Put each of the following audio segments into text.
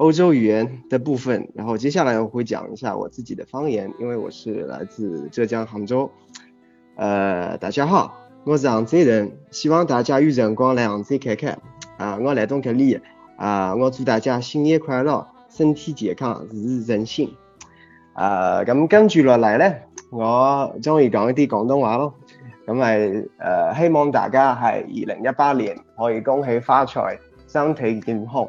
歐洲語言的部分，然後接下來我會講一下我自己的方言，因為我是來自浙江杭州。呃，大家好，我是杭州人，希望大家有辰光來杭州看看。啊、呃，我來到這裏，啊、呃，我祝大家新年快樂，身體健康，日日人新。呃，咁跟住落嚟咧，我中意講一啲廣東話咯。咁咪呃，希望大家喺二零一八年可以恭喜發財，身體健康。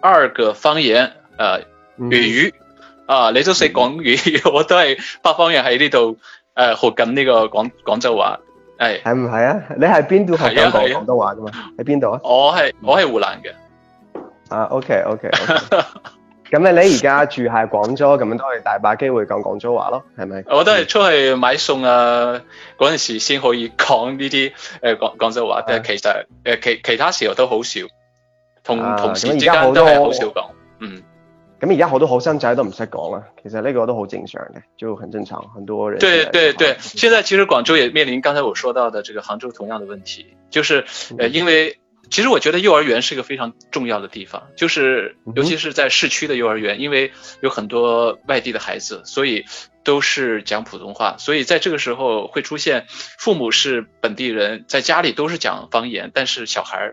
二個方言，誒粵語啊！你都識講粵語，嗯、 我都係北方人喺呢度誒學緊呢個廣廣，廣州話係係唔係啊？你係邊度學緊講、啊啊、廣東話噶嘛？喺邊度啊？我係我係湖南嘅。啊，OK OK，咁、OK、 你你而家住喺廣州，咁樣都係大把機會講廣州話咯，係咪？我都係出去買餸啊，嗰陣時先可以講呢啲誒廣廣州話但係是其實誒、呃、其其他時候都好少。同同時間都係、啊、好少講，嗯，咁而家好多後生仔都唔識講啦，其實呢個都好正常嘅，就很正常，很多人對對對，現在其實廣州也面臨剛才我說到的這個杭州同樣的問題，就是，呃、因為其實我覺得幼兒園是一個非常重要的地方，就是尤其是在市區的幼兒園，因為有很多外地的孩子，所以都是講普通話，所以在這個時候會出現父母是本地人，在家裡都是講方言，但是小孩。